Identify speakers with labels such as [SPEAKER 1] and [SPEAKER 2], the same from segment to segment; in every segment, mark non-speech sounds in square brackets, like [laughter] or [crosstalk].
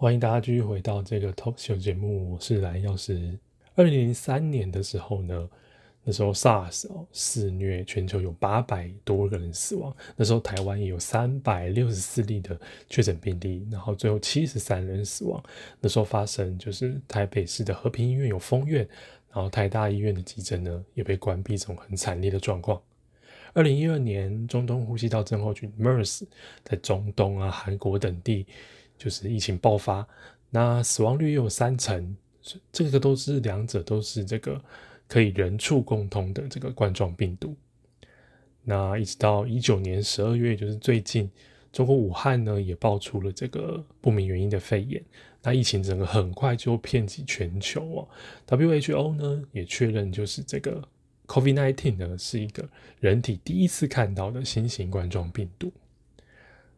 [SPEAKER 1] 歡迎大家繼續回到這個 Talk Show 節目，我是萊恩藥師。二零零三年的時候呢，那時候 SARS、哦、肆虐全球，有八百多個人死亡。那時候台灣也有三百六十四例的確診病例，然後最後七十三人死亡。那時候發生就是台北市的和平醫院有封院，然後台大醫院的急診呢也被關閉，這種很慘烈的狀況。二零一二年，中東呼吸道症候群 MERS 在中東啊、韓國等地。就是疫情爆發，那死亡率又有三成，這個都是兩者都是這個可以人畜共通的這個冠狀病毒。那一直到一九年十二月，就是最近，中國武漢呢也爆出了這個不明原因的肺炎。那疫情整個很快就遍及全球哦、啊。WHO 呢也確認，就是這個 COVID-19 呢是一個人體第一次看到的新型冠狀病毒。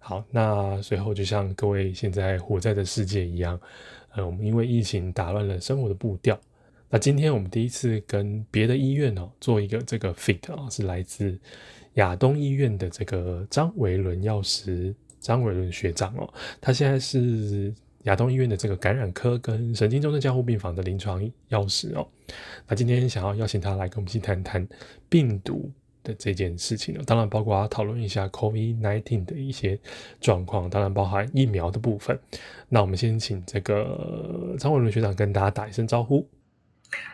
[SPEAKER 1] 好，那隨後就像各位現在活在的世界一樣，呃，我們因為疫情打亂了生活的步調。那今天我們第一次跟別的醫院哦，做一個這個 feat 啊，是來自亞東醫院的這個張維倫藥師，張維倫學長哦，他現在是亞東醫院的這個感染科跟神經重症加護病房的臨床藥師哦。那今天想要邀請他來跟我們去談談病毒的這件事情呢，當然包括要討論一下 COVID-19 的一些狀況，當然包含疫苗的部分。那我們先請這個張維倫學長跟大家打一聲招呼。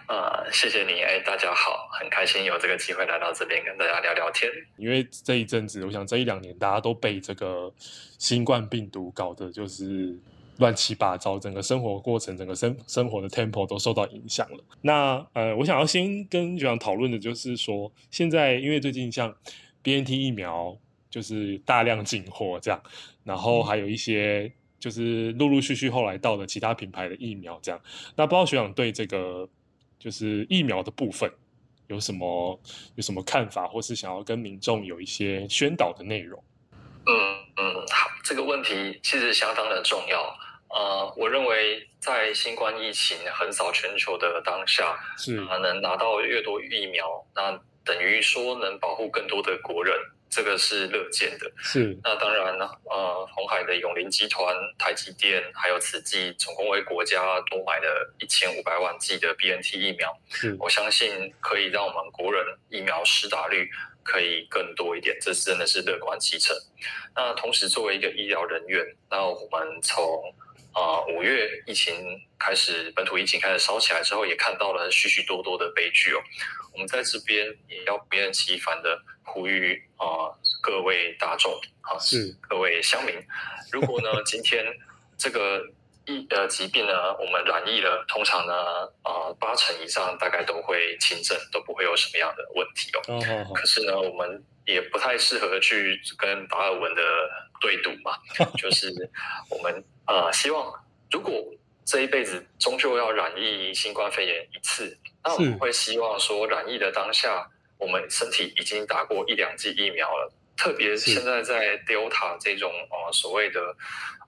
[SPEAKER 2] 啊、嗯，謝謝你，哎、欸，大家好，很開心有這個機會來到這邊跟大家聊聊天。因為這
[SPEAKER 1] 一陣子，我想這一兩年大家都被這個新冠病毒搞得就是。亂七八糟，整個生活過程，整個生生活的 tempo 都受到影響了。那呃，我想要先跟學長討論的就是說，現在因為最近像 BNT 疫苗就是大量進貨這樣，然後還有一些就是陸陸續續後來到的其他品牌的疫苗這樣。那不知道學長對這個就是疫苗的部分有什麼有什麼看法，或是想要跟民眾有一些宣導的內容？嗯
[SPEAKER 2] 嗯，好，這個問題其實相當的重要。呃，我認為在新冠疫
[SPEAKER 1] 情橫掃全球的當下，是、
[SPEAKER 2] 呃、能拿到越多疫苗，那等於說能保護更多的國人，這個是樂見的。是那當然，呃，鴻海的永林集團、台積電還有慈濟，總共為國家多買了一千五百萬劑的 BNT 疫苗。是，我相信可以讓我們國人疫苗施打率可以更多一點，這真的是樂觀其成。那同時，作為一個醫療人員，那我們從啊，呃，五月疫情開始，本土疫情開始燒起來之後，也看到了許許多多的悲劇哦。我們在這邊也要不厭其煩的呼籲啊、呃，各位大眾啊，呃、是各位鄉民，如果呢今天這個疫呃疾病呢，我們染疫了，通常呢啊呃，八成以上大概都會輕症，都不會有什麼樣的問題哦。哦哦哦可是呢，我們。也不太適合去跟達爾文的對賭嘛，就是我們、呃、希望如果這一輩子終究要染疫新冠肺炎一次，那我們會希望說染疫的當下，我們身體已經打過一兩劑疫苗了，特別是現在在 Delta 這種、呃、所謂的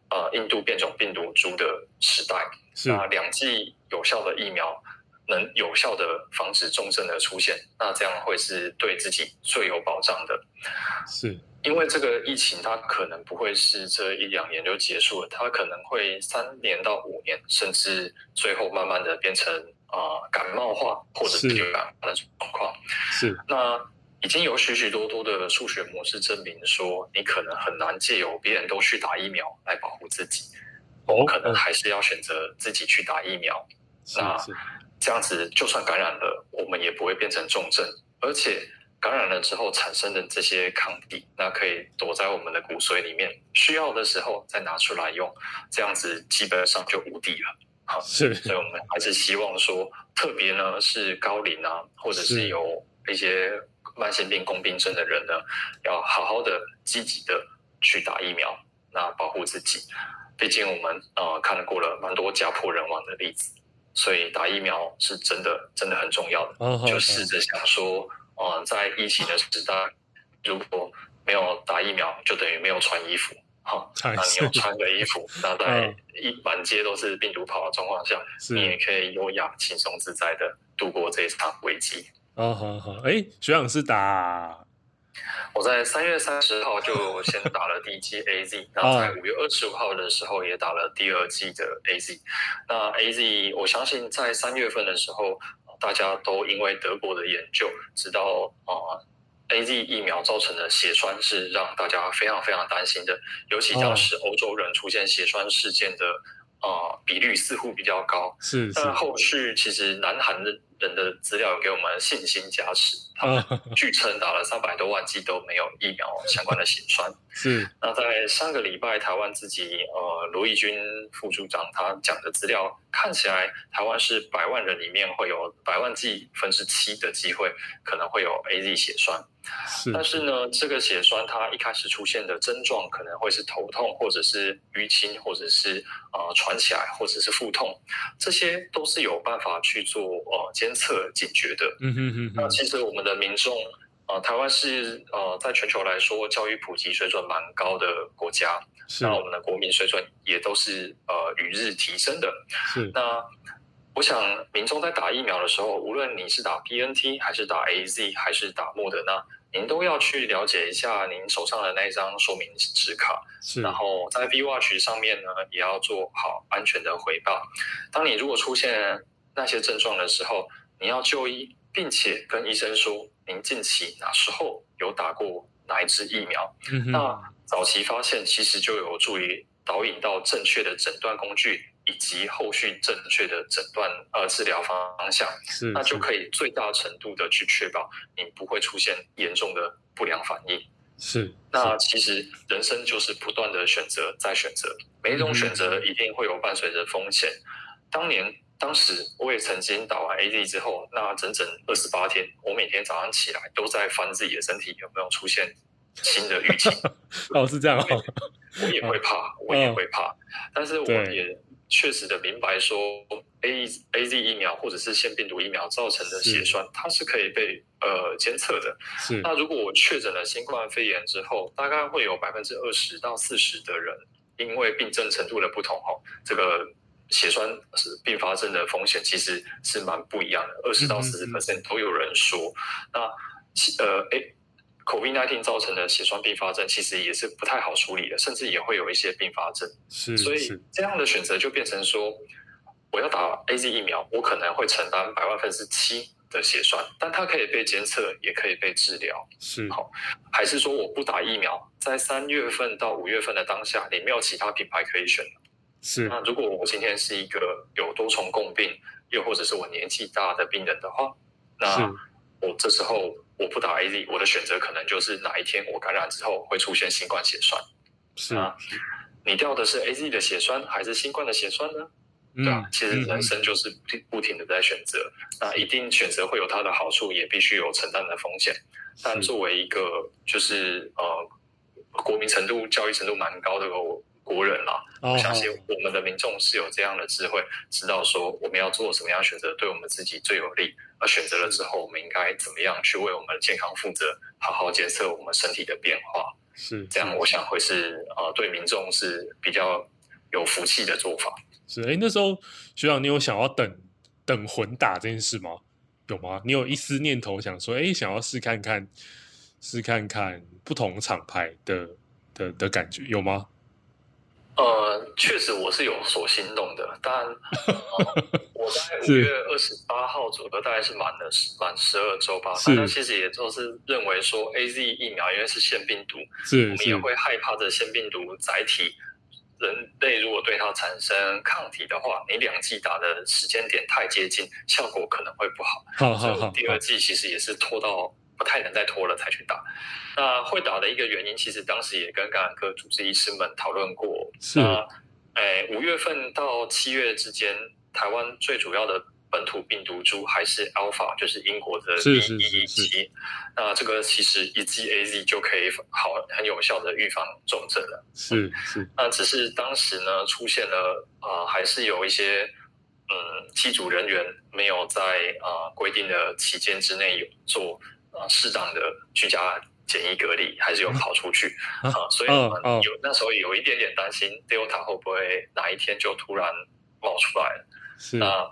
[SPEAKER 2] 呃印度變種病毒株的時代，那兩劑有效的疫苗，能有效的防止重症的出現，那這樣會是對自己最有保障的。是，因為這個疫情它可能不會是這一兩年就結束了，它可能會三年到五年，甚至最後慢慢的變成啊、呃、感冒化或者流感那種狀況。是，那已經有許許多多的數學模式證明說，你可能很難借由別人都去打疫苗來保護自己，我們、哦、可能還是要選擇自己去打疫苗。呃、那。是是。這樣子就算感染了，我們也不會變成重症，而且感染了之後產生的這些抗體，那可以躲在我們的骨髓裡面，需要的時候再拿出來用，這樣子基本上就無敵了，啊、是，所以我們還是希望說，特別呢是高齡啊，或者是有一些慢性病共病症的人呢，是要好好的積極的去打疫苗，那保護自己，畢竟我們啊、呃、看過了蠻多家破人亡的例子。所以打疫苗是真的，真的很重要的。Oh, 就試着想說、oh, okay. 呃，在疫情的時代，如果沒有打疫苗，就等於沒有穿衣服，好，那你有穿個衣服， [laughs] 那在一滿街都是病毒跑的狀況下，你也可以優雅、輕鬆、自在的度過這一場危機。
[SPEAKER 1] 哦，好好，哎，學長是打？
[SPEAKER 2] 我在三月三十號就先打了第一劑 A Z，那 [laughs] 在五月二十五號的時候也打了第二劑的 A Z。那 A Z，我相信在三月份的時候，大家都因為德國的研究，知道啊、呃、A Z 疫苗造成的血栓是讓大家非常非常擔心的，尤其是歐洲人出現血栓事件的啊、呃、比率似乎比較高。是，但後續其實南韓的。人的資料給我們信心加持，
[SPEAKER 3] 他們據
[SPEAKER 2] 稱打了三百多萬劑都沒有疫苗相關的血栓。 [laughs] 是，那在上個禮拜，台灣自己呃羅義軍副署長他講的資料看起來，台灣是百萬人裡面會有百萬劑分之七的機會可能會有 A Z 血栓。是，但是呢，這個血栓它一開始出現的症狀可能會是頭痛，或者是淤青，或者是呃喘起來，或者是腹痛，這些都是有辦法去做呃監。監測警、警覺的，嗯哼哼、哼，那其實我們的民眾啊、呃，台灣是呃，在全球來說教育普及水準蠻高的國家，是那我們的國民水準也都是呃與日提升的。是，那我想民眾在打疫苗的時候，無論你是打 BNT 還是打 AZ 還是打莫德納，那您都要去了解一下您手上的那一張說明紙卡，是，然後在 V-Watch 上面呢，也要做好安全的回報。當你如果出現那些症狀的時候，你要就醫，並且跟醫生說您近期哪時候有打過哪一支疫苗。嗯哼。那早期發現其實就有助於導引到正確的診斷工具，以及後續正確的診斷呃治療方向。是是。那就可以最大程度的去確保你不會出現嚴重的不良反應。是，是，那其實人生就是不斷的選擇再選擇，每一種選擇一定會有伴隨着風險。當年。當時我也曾經打完 AZ 之後，那整整二十八天，我每天早上起來都在翻自己的身體有沒有出現新的瘀
[SPEAKER 1] 青。 [laughs] 哦，是這樣、哦，我
[SPEAKER 2] 也會怕，哦、我也會怕，哦、但是我也確實的明白說對，A AZ 疫苗，或者是腺病毒疫苗造成的血栓，是它是可以被呃監測的。是。那如果我確診了新冠肺炎之後，大概會有百分之二十到四十的人，因為病症程度的不同，哦，這個。血栓是併發症的風險其實是蠻不一樣的，二十到四十 percent 都有人說，嗯嗯嗯，那呃，哎、欸、COVID-19 造成的血栓併發症其實也是不太好處理的，甚至也會有一些併發症。是，所以這樣的選擇就變成說，是我要打 AZ 疫苗，我可能會承擔百萬分之七的血栓，但它可以被監測，也可以被治療。是，好，還是說我不打疫苗，在三月份到五月份的當下，你沒有其他品牌可以選？是，那如果我今天是一個有多重共病，又或者是我年紀大的病人的話，那我這時候我不打 AZ，我的選擇可能就是哪一天我感染之後會出現新冠血栓。是啊，你挑的是 AZ 的血栓還是新冠的血栓呢？嗯、對啊，其實人生就是不停不停的在選擇，嗯嗯，那一定選擇會有它的好處，也必須有承擔的風險。是但作為一個就是呃國民程度、教育程度蠻高的我。國人啦，我相信我們的民眾是有這樣的智慧，知道說我們要做什麼樣的選擇對我們自己最有利。而選擇了之後，我們應該怎麼樣去為我們的健康負責？好好檢測我們身體的變化，是，是這樣。我想會是呃，對民眾是比較有福氣的做法。
[SPEAKER 1] 是哎、欸，那時候學長，你有想要等等混打這件事嗎？有嗎？你有一絲念頭想說，哎、欸，想要試看看，試看看不同廠牌的的的感覺有嗎？
[SPEAKER 2] 呃，確實我是有所心動的，但、呃、我在五月二十八號左右，大概是滿了滿十二周吧。反正其實也就是認為說，AZ 疫苗因為是腺病毒，是我們也會害怕這腺病毒載體，是人類如果對它產生抗體的話，你兩劑打的時間點太接近，效果可能會不好。好好，好好。所以第二劑其實也是拖到。不太能再拖了才去打。那、啊、會打的一個原因，其實當時也跟感染科主治醫師們討論過。是誒、啊啊欸，五月份到七月之間，台灣最主要的本土病毒株還是 Alpha，就是英國的 B.1.1.7。那、啊、這個其實一劑 AZ 就可以好很有效的預防重症了。是
[SPEAKER 3] 是。
[SPEAKER 2] 那、啊、只是當時呢，出現了啊、呃，還是有一些嗯機組人員沒有在啊規、呃、定的期間之內有做。啊，適當的居家簡易隔離還是有跑出去蛤啊，所以，嗯哦，有那時候有一點點擔心，Delta 會不會哪一天就突然冒出來？是啊，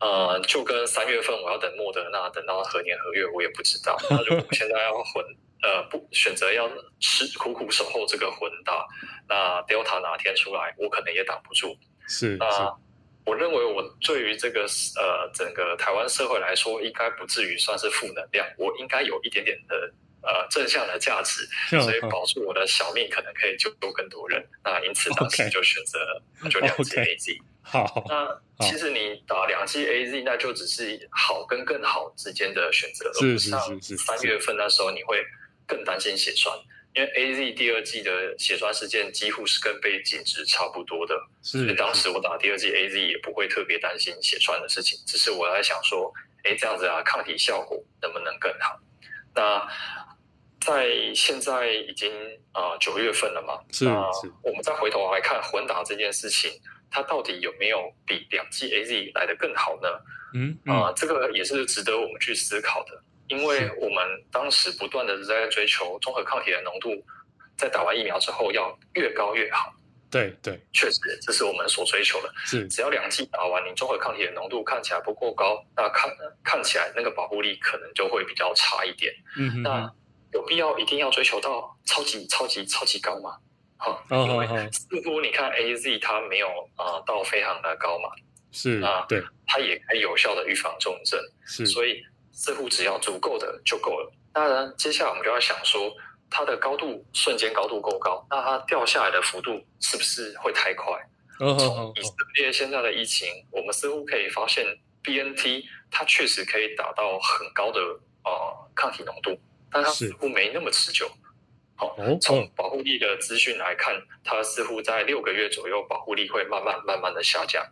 [SPEAKER 2] 呃，就跟三月份我要等莫德納，等到何年何月我也不知道。那 [laughs] 如果現在要混呃不選擇要吃苦苦守候這個混打，那 Delta 哪天出來，我可能也擋不住。
[SPEAKER 1] 是是。啊是
[SPEAKER 2] 我認為我對於這個呃整個台灣社會來說，應該不至於算是負能量，我應該有一點點的呃正向的價值，嗯、所以保住我的小命，可能可以救更多人。嗯、那因此當時就選擇了 okay, 就兩劑 A Z。好，okay, 那其實你打兩劑 A Z，那就只是好跟更好之間的選擇，哦，而不像三月份那時候你會更擔心血栓。因為 A Z 第二劑的血栓事件幾乎是跟背景值差不多的，是所以當時我打第二劑 A Z 也不會特別擔心血栓的事情，只是我在想說，哎，這樣子啊，抗體效果能不能更好？那在現在已經啊九、呃、月份了嘛，那我們再回頭來看混打這件事情，它到底有沒有比兩劑 A Z 來得更好呢？嗯，啊、嗯呃，這個也是值得我們去思考的。因為我們當時不斷的在追求中和抗體的濃度，在打完疫苗之後要越高越好。對對，確實這是我們所追求的。是，只要兩劑打完，你中和抗體的濃度看起來不夠高，那看看起來那個保護力可能就會比較差一點。嗯哼那有必要一定要追求到超級超級超級高嗎？哈、
[SPEAKER 3] 嗯，因為似乎、oh,
[SPEAKER 2] oh, oh. 你看 AZ 它沒有啊、呃、到非常的高嘛，是啊，那對，它也可以有效的預防重症。是，所以。似乎只要足夠的就夠了。當然，接下來我們就要想說，它的高度瞬間高度夠高，那它掉下來的幅度是不是會太快？Oh, oh, oh, oh. 從以色列現在的疫情，我們似乎可以發現，BNT 它確實可以達到很高的，呃，抗體濃度，但它似乎沒那麼持久。好，從、oh, 保護力的資訊來看，oh, uh. 它似乎在六個月左右保護力會慢慢慢慢的下降。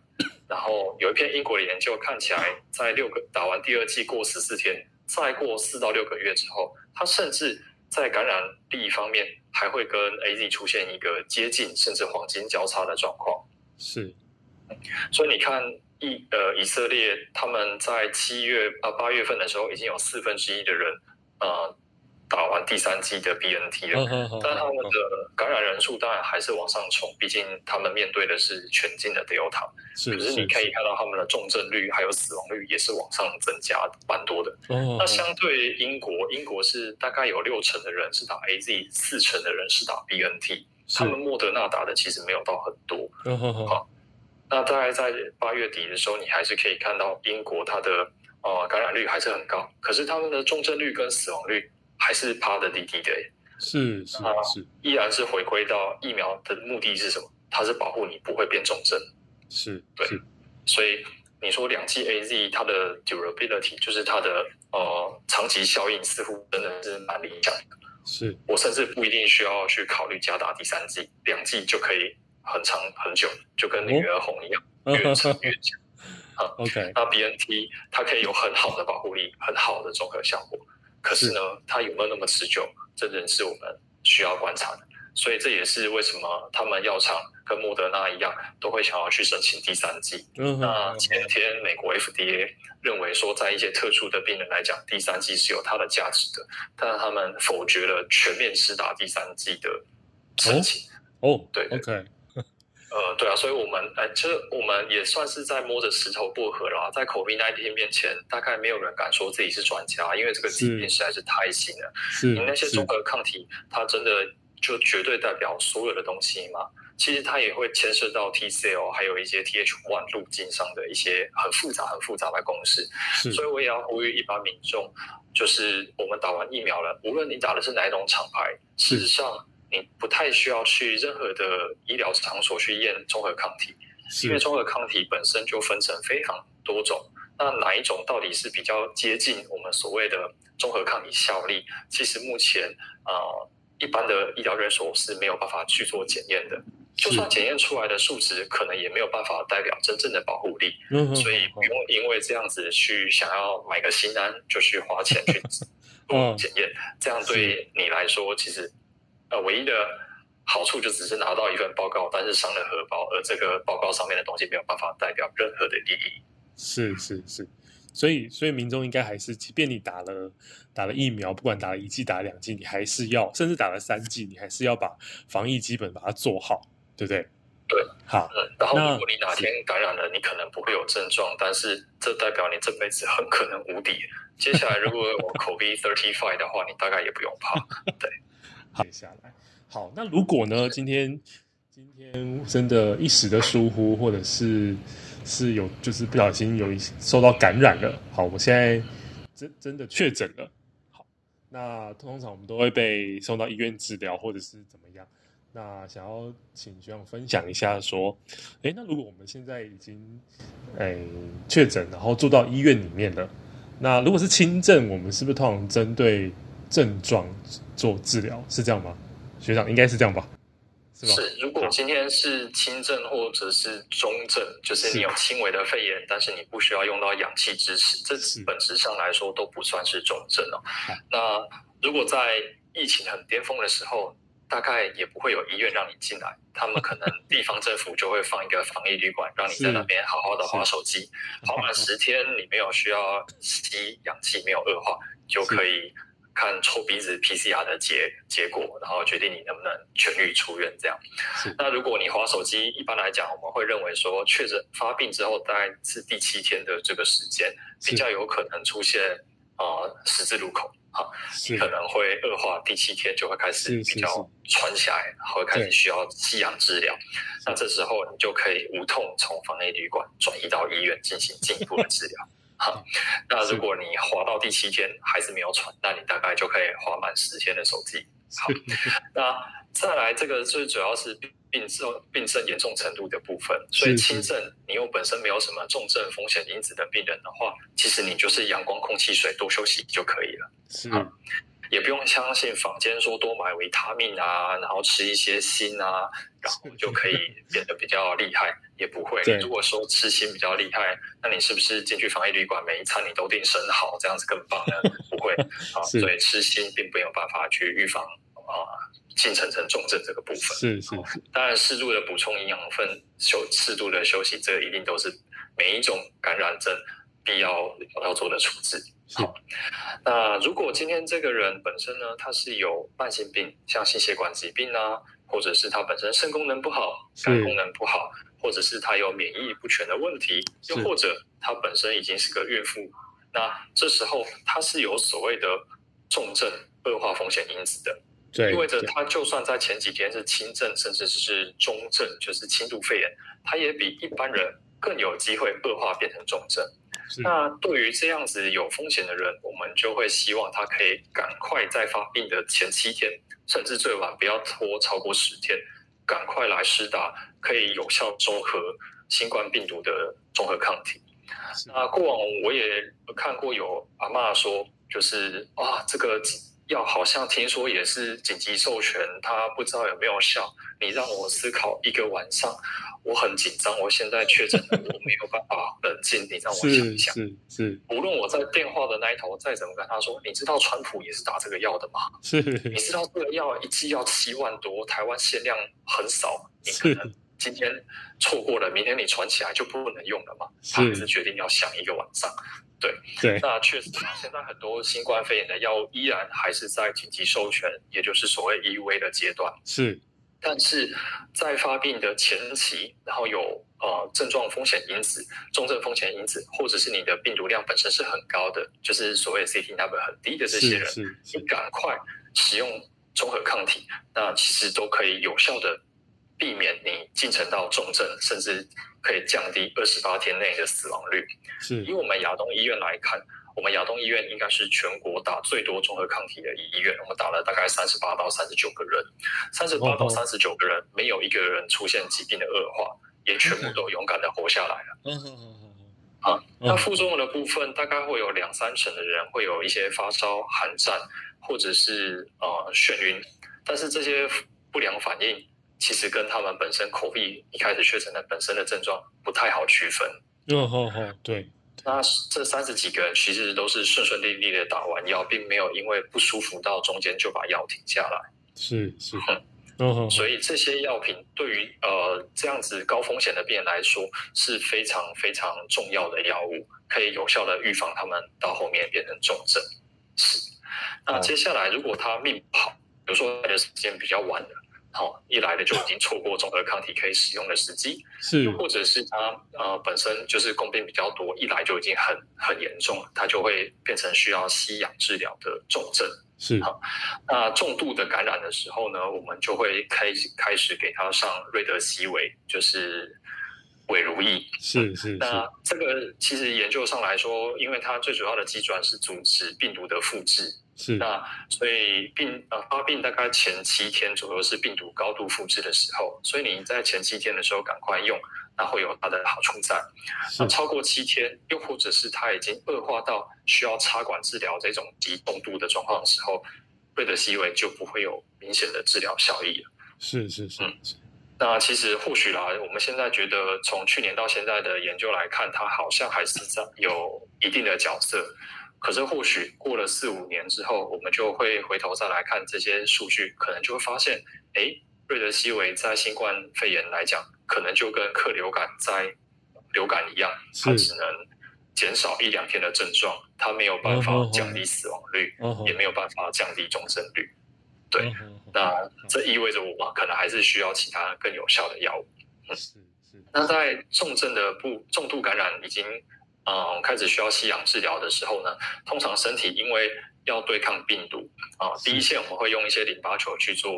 [SPEAKER 2] 然後有一篇英國的研究看起來在6，在六個打完第二劑過四四天，再過四到六個月之後，它甚至在感染力方面還會跟 AZ 出現一個接近甚至黃金交叉的狀況。是，所以你看以呃以色列他們在七月啊八、呃、月份的時候已經有四分之一的人啊。呃打完第三劑的 B N T 了，哦哦哦、但他們的感染人數當然還是往上衝，畢、哦、竟他們面對的是全境的 Delta 是。可是你可以看到他們的重症率還有死亡率也是往上增加蠻多的。哦、那相對英國，英國是大概有六成的人是打 A Z，四成的人是打 B N T，是他們莫德納打的其實沒有到很多。好，那大概在八月底的時候，你還是可以看到英國它的呃感染率還是很高，可是他們的重症率跟死亡率。還是趴的滴滴的，欸，是，是是是，啊，依然是回歸到疫苗的目的是什麼？它是保護你不會變重症，是對，是所以你說兩劑 A Z 它的 durability 就是它的呃長期效應似乎真的是蠻理想的。是我甚至不一定需要去考慮加打第三劑，兩劑就可以很長很久，就跟女兒紅一
[SPEAKER 3] 樣越長越強。哦、 [laughs] 啊，OK，那 B N T 它可以有很好的保護力， [laughs] 很
[SPEAKER 2] 好的綜合效果。可是呢，它有沒有那麼持久？這仍是我們需要觀察的，所以這也是為什麼他們藥廠跟莫德納一樣，都會想要去申請第三劑。Uh huh. 那前天美國 FDA
[SPEAKER 1] 認為說，在一些特殊的病人來講，第三劑是有它的價值的，但他們否決了全面施打第三劑的申請。哦，對，OK。
[SPEAKER 2] 呃，對啊，所以我們哎，其、呃、實我們也算是在摸着石頭過河了，在 COVID-19 面前，大概沒有人敢說自己是專家，因為這個疾病實在是太新了。你是那些中和抗體，它真的就絕對代表所有的東西嗎？其實它也會牽涉到 T cell，還有一些 Th1 路徑上的一些很複雜、很複雜的公式。是所以我也要呼籲一般民眾，就是我們打完疫苗了，無論你打的是哪種廠牌，事實上。你不太需要去任何的醫療場所去驗中和抗體，是因為中和抗體本身就分成非常多種，那哪一種到底是比較接近我們所謂的中和抗體效力？其實目前啊、呃，一般的醫療院所是沒有辦法去做檢驗的，就算檢驗出來的數值，可能也沒有辦法代表真正的保護力。嗯是所以不用因為這樣子去想要買個心安，就去花錢去做檢驗， [laughs] Wow. 這樣對你來說其實。呃、唯一的好處就只是拿到一份報告，但
[SPEAKER 1] 是傷了荷包，而這個報告上面的東西沒有辦法代表任何的利益。是是是，所以所以民眾應該還是，即便你打了打了疫苗，不管打了一劑、打兩劑，你還是要，甚至打了三劑，你還是要把防疫基本把它做好，對不對？對，好、嗯。然後如
[SPEAKER 2] 果你哪天感染了，那你可能不會有症狀，但是這代表你這輩子很可能無敵。 [laughs] 接下來，如果我 COVID thirty five 的話，你大概也不用怕， [laughs] 對。接下來，
[SPEAKER 1] 好，那如果呢？今天今天真的一時的疏忽，或者是是有就是不小心有一受到感染了。好，我現在真真的確診了。好，那通常我們都會被送到醫院治療，或者是怎麼樣？那想要請學長分享一下，說，誒、欸、那如果我們現在已經哎確診，然後住到醫院裡面了，那如果是輕症，我們是不是通常針對？症狀做治療，是這樣嗎？學長應該是這樣吧，是吧？是，
[SPEAKER 2] 如果今天是輕症或者是中症，嗯、就是你有輕微的肺炎，但是你不需要用到氧氣支持，這本質上來說都不算是重症哦。是那如果在疫情很巔峰的時候，大概也不會有醫院讓你進來，他們可能地方政府就會放一個防疫旅館，讓你在那邊好好的滑手機，滑完十天，你沒有需要吸氧氣，沒有惡化，是就可以。看抽鼻子 PCR 的結結果，然後決定你能不能痊癒出院這樣。是那如果你滑手機，一般來講，我們會認為說確診發病之後大概是第七天的這個時間，比較有可能出現是、呃、十字路口哈，啊、是你可能會惡化，第七天就會開始比較喘起來，是是是，然後會開始需要吸氧治療。是那這時候你就可以無痛從防疫旅館轉移到醫院進行進一步的治療。 [laughs] [laughs] 那如果你滑到第七天還是沒有喘，那你大概就可以滑滿十天的手機。好，那再來這個最主要是病症、病症嚴重程度的部分。所以輕症，你又本身沒有什麼重症風險因子的病人的話，其實你就是陽光、空氣、水，多休息就可以了。是。也不用相信坊間說多買維他命啊，然後吃一些鋅啊，然後就可以變得比較厲害。也不會，對如果說吃鋅比較厲害，那你是不是進去防疫旅館每一餐你都定生蠔，這樣子更棒呢？ [laughs] 不會啊，是所以吃鋅並沒有辦法去預防啊進程成重症這個部分。是，是是，當然適度的補充營養分休，適度的休息，這個、一定都是每一種感染症必要要做的處置。好，那如果今天這個人本身呢，他是有慢性病，像心血管疾病啊，或者是他本身腎功能不好，肝功能不好，或者是他有免疫不全的問題，又或者他本身已經是個孕婦，是那這時候他是有所謂的重症惡化風險因子的，意味着他就算在前幾天是輕症，甚至是中症，就是輕度肺炎，他也比一般人更有機會惡化變成重症。那對於這樣子有風險的人，我們就會希望他可以趕快在發病的前七天，甚至最晚不要拖超過十天，趕快來施打，可以有效中和新冠病毒的中和抗體。啊、那過往我也看過有阿嬤說，就是啊、哦、這個。藥好像聽說也是緊急授權，他不知道有沒有效。你讓我思考一個晚上，我很緊張。我現在確診了，我沒有辦法冷靜。 [laughs] 你讓我想想，
[SPEAKER 1] 是，無
[SPEAKER 2] 論我在電話的那一頭我再怎麼跟他說，你知道川普也是打這個藥的嗎？是，你知道這個藥一劑要七萬多，台灣限量很少，你可能今天錯過了，是明天你傳起來就不能用了嘛。他還是決定要想一個晚上。對，那確實，現在很多新冠肺炎的藥物依然還是在緊急授權，也就是所謂 EUA 的階段。是，但是在發病的前期，然後有呃症狀風險因子、重症風險因子，或者是你的病毒量本身是很高的，就是所謂 CT number 很低的這些人，是是是你趕快使用中和抗體，那其實都可以有效的避免你進程到重症，甚至。可以降低二十八天內的死亡率。是，以我們亞東醫院來看，我們亞東醫院應該是全國打最多中和抗體的醫院。我們打了大概三十八到三十九個人，三十八到三十九個人、哦、沒有一個人出現疾病的惡化，也全部都勇敢的活下來
[SPEAKER 3] 了。
[SPEAKER 2] 嗯嗯嗯嗯。啊，嗯、那副作用的部分大概會有兩三成的人會有一些發燒、寒戰，或者是呃眩暈，但是這些不良反應。其實跟他們本身 COVID 一開始確診的本身的症狀不太好區分。嗯哼哼，對。那這三十幾個人其實都是順順利利的打完藥，並沒有因為不舒服到中間就把藥停下來。是是。是嗯哼。Oh, oh, oh. 所以這些藥品對於呃這樣子高風險的病人來說是非常非常重要的藥物，可以有效的預防他們到後面變成重症。是。那接下來如果他命不好，比如說來的時間比較晚的。好、哦，一來的就已經錯過中和抗體可以使用的時機，是，又或者是他呃本身就是共病比較多，一來就已經很很嚴重了，他就會變成需要吸氧治療的重症，是那、嗯呃、重度的感染的時候呢，我們就會開開始給他上瑞德西韋，就是。韋如意是是，是是嗯、那這個其實研究上來說，因為它最主要的機制是阻止病毒的複製，是那所以病呃發病大概前七天左右是病毒高度複製的時候，所以你在前七天的時候趕快用，那會有它的好處在。是那超過七天，又或者是它已經惡化到需要插管治療這種極重度的狀況的時候，瑞德西韋就不會有明顯的治療效益了。
[SPEAKER 1] 是是是，是是嗯
[SPEAKER 2] 那其實或許啦，我們現在覺得，從去年到現在的研究來看，它好像還是在有一定的角色。可是或許過了四五年之後，我們就會回頭再來看這些數據，可能就會發現，哎，瑞德西韋在新冠肺炎來講，
[SPEAKER 3] 可能就跟克流感在流感一樣，是它只能減少一兩
[SPEAKER 2] 天的症狀，它沒有辦法降低死亡率，Oh, oh, oh. Oh, oh. 也沒有辦法降低重症率，對。Oh, oh. 那這意味着我們可能還是需要其他更有效的藥物。嗯嗯。那在重症的不重度感染已經，嗯、呃，開始需要吸氧治療的時候呢，通常身體因為要對抗病毒啊、呃，第一線我們會用一些淋巴球去做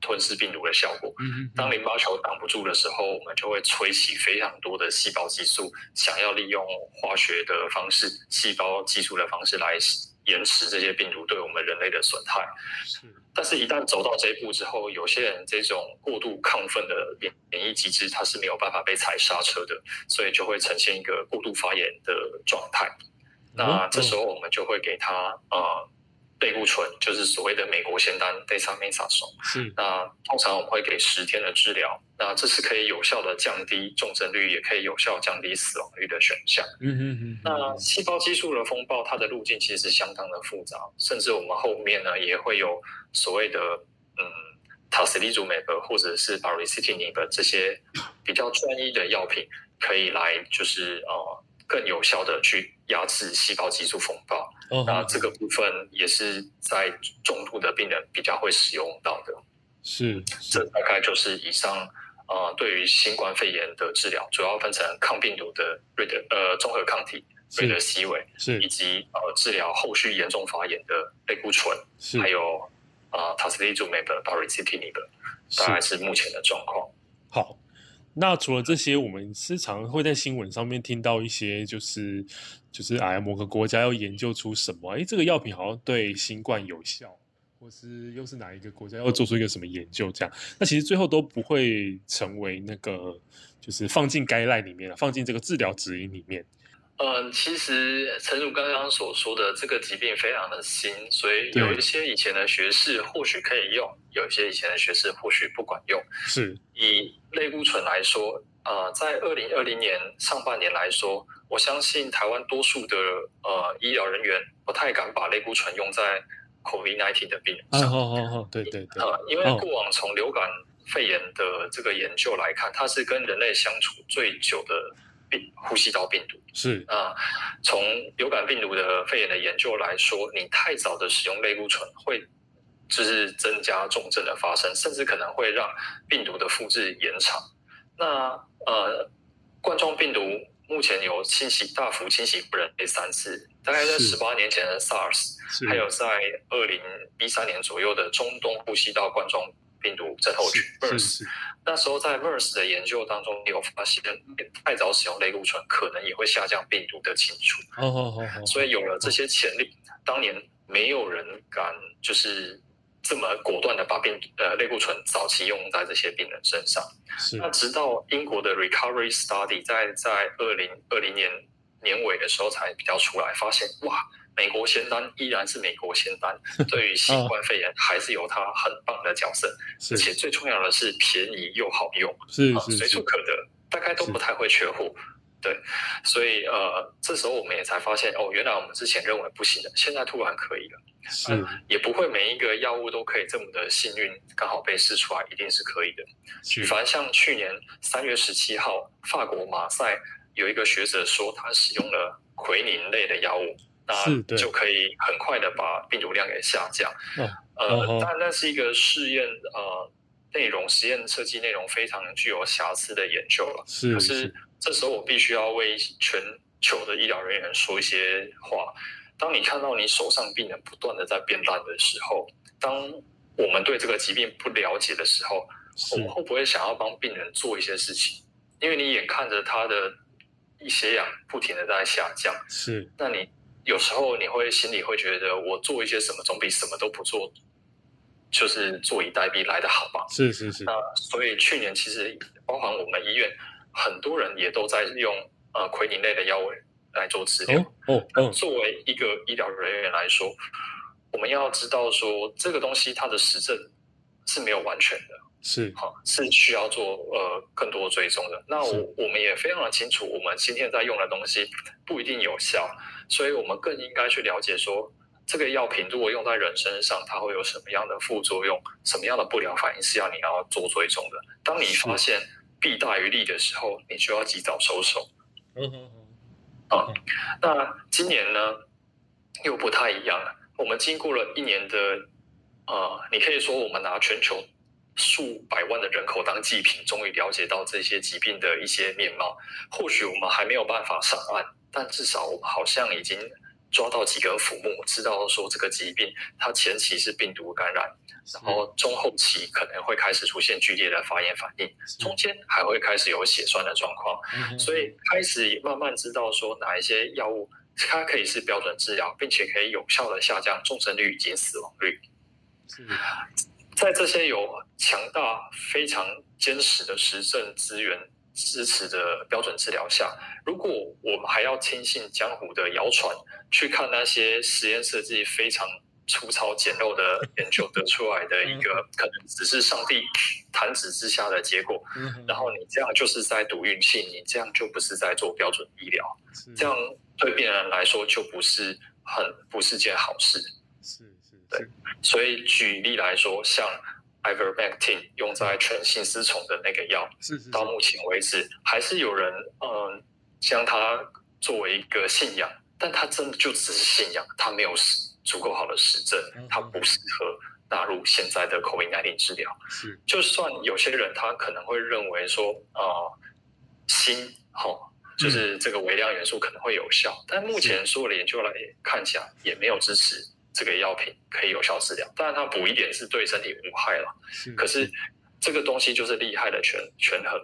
[SPEAKER 2] 吞噬病毒的效果。嗯嗯。當淋巴球擋不住的時候，我們就會吹起非常多的細胞激素，想要利用化學的方式、細胞激素的方式來使。延遲這些病毒對我們人類的損害，但是，一旦走到這一步之後，有些人這種過度亢奮的免免疫機制，它是沒有辦法被踩剎車的，所以就會呈現一個過度發炎的狀態。那這時候我們就會給他啊、呃。類固醇就是所謂的美國仙丹 （dexamethasone）。是那通常我們會給十天的治療。那這是可以有效的降低重症率，也可以有效降低死亡率的選項。嗯嗯嗯。那細胞激素的風暴，它的路徑其實相當的複雜，甚至我們後面呢也會有所謂的，嗯 tocilizumab 或者是 baricitinib 這些比較專一的藥品，可以來就是呃更有效的去壓制細胞激素風暴。那這個部分也是在中度的病人比較會使用到的。是。這大概就是以上呃對於新冠肺炎的治療，主要分成抗病毒的瑞德，呃，綜合抗體瑞德西韋，是，以及呃，治療後續嚴重發炎的類固醇，是，還有啊，塔斯利珠酶的巴 i n i 的，大概是目前的狀況。
[SPEAKER 1] 好。那除了這些，我們時常會在新聞上面聽到一些、就是，就是就是哎，某個國家要研究出什麼？哎，這個藥品好像對新冠有效，或是又是哪一個國家要做出一個什麼研究？這樣，那其實最後都不會成為那個，就是放進 guidelines 裡面了，放進這個治療指引裡面。
[SPEAKER 2] 嗯，其實誠如剛剛所說的這個疾病非常的新，所以有一些以前的學士或許可以用，對有一些以前的學士或許不
[SPEAKER 3] 管用。是。以類固醇
[SPEAKER 2] 來說，呃，在二零二零年上半年來說，我相信台灣多數的呃
[SPEAKER 1] 醫療人員不太敢把類固醇用在 COVID-19 的病人上。哦、啊、好好好，對對，對，呃，因為
[SPEAKER 2] 過往從流感肺炎的這個研究來看，哦、它是跟
[SPEAKER 3] 人類相處最久的。病呼吸道病毒是啊，從、呃、流感病毒的肺炎的研究來說，你太
[SPEAKER 2] 早的使用類固醇會就是增加重症的發生，甚至可能會讓病毒的複製延長。那呃，冠狀病毒目前有侵襲，大幅侵襲，不人類三次，大概在十八年前的 SARS，是還有在二零一三年左右的中東呼吸道冠狀。病毒症候群，verse，那時候在 verse 的研究當中，你有發現太早使用類固醇可能也會下降病毒的清除。哦哦哦，所以有了這些潛力，oh, oh. 當年沒有人敢就是這麼果斷的把病呃類固醇早期用在這些病人身上。是那直到英國的 Recovery Study 在在二零二零年。年尾的時候才比較出來，發現哇，美國仙丹依然是美國仙丹， [laughs] 對於新冠肺炎還是有它很棒的角色， [laughs] 而且最重要的是便宜又好用， [laughs] 是、呃、是隨處可得，大概都不太會缺貨，是對，所以呃，這時候我們也才發現哦，原來我們之前認為不行的，現在突然可以了，嗯是、呃，也不會每一個藥物都可以這麼的幸運，剛好被試出來一定是可以的，是反正像去年三月十七號，法國馬賽，有一個學者說，他使用了奎寧類的藥物，那就可以很快的把病毒量給下降。
[SPEAKER 3] 但
[SPEAKER 2] 那是一個試驗，呃，內容實驗設計內容非常具有瑕疵的研究了。是是。可是，這時候我必須要為全球的醫療人員說一些話。當你看到你手上病人不斷的在變淡的時候，當我們對這個疾病不了解的時候，是哦、我們會不會想要幫病人做一些事情？因為你眼看着他的。一些氧不停的在下降，是。那你有時候你會心裡會覺得，我做一些什麼總比什麼都不做，就是坐以待斃來的好吧？是是是。那、呃、所以去年其實，包含我們醫院，很多人也都在用呃喹寧類的藥物來做治療。哦，oh? oh, oh. 作為一個醫療人員來說，我們要知道說這個東西它的實證是沒有完全的。是哈、嗯，是需要做呃更多追蹤的。那我是我們也非常的清楚，我們今天在用的東西不一定有效，所以我們更應該去了解說，這個藥品如果用在人身上，它會有什麼樣的副作用，什麼樣的不良反應是要你要做追蹤的。當你發現弊大於利的時候，你就要及早收手。 [laughs] 嗯嗯嗯，啊，那今年呢又不太一樣了。我們經過了一年的呃，你可以說我們拿全球。數百萬的人口當祭品，終於了解到這些疾病的一些面貌。或許我們還沒有辦法上岸，但至少我們好像已經抓到幾個浮木，知道說這個疾病它前期是病毒感染，是然後中後期可能會開始出現劇烈的發炎反應，是中間還會開始有血栓的狀況，嗯、哼所以開始慢慢知道說哪一些藥物它可以是標準治療，並且可以有效的下降重症率以及死亡率。
[SPEAKER 3] 是。
[SPEAKER 2] 在這些有強大、非常堅實的實證資源支持的標準治療下，如果我們還要聽信江湖的謠傳，去看那些實驗設計非常粗糙、簡陋的研究得出來的一個 [laughs] 可能只是上帝彈指之下的結果， [laughs] 然後你這樣就是在賭運氣，你這樣就不是在做標準醫療，這樣對病人來說就不是很不是件好事。是是，是，對。所以舉例來說，像 Ivermectin 用在全性絲蟲的那個藥，是是是，到目前為止還是有人嗯將、呃、它作為一個信仰，但它真的就只是信仰，它沒有足夠好的實證，它不適合納入現在的 COVID-19 治療。是，是，就算有些人他可能會認為說啊鋅哈就是這個微量元素可能會有效，嗯、但目前所有的研究來看起來也沒有支持。是是這個藥品可以有效治療，當然它補一點是對身體無害了。是可是這個東西就是利害的權權衡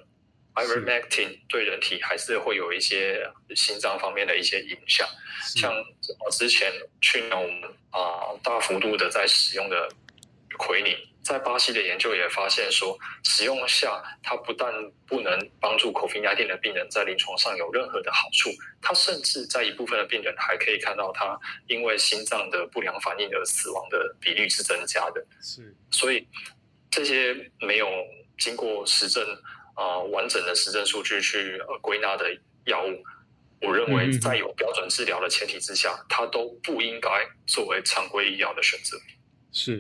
[SPEAKER 2] ，Ivermectin 對人體還是會有一些心臟方面的一些影響，是像我之前去年我們啊大幅度的在使用的奎寧。在巴西的研究也發現說，使用下它不但不能幫助 COVID-19 的病人在臨床上有任何的好處，它甚至在一部分的病人還可以看到它因為心臟的不良反應而死亡的比率是增加的。是，所以這些沒有經過實證啊、呃、完整的實證數據去、呃、歸納的藥物，我認為在有標準治療的前提之下，它都不應
[SPEAKER 3] 該作為常規醫療的選擇。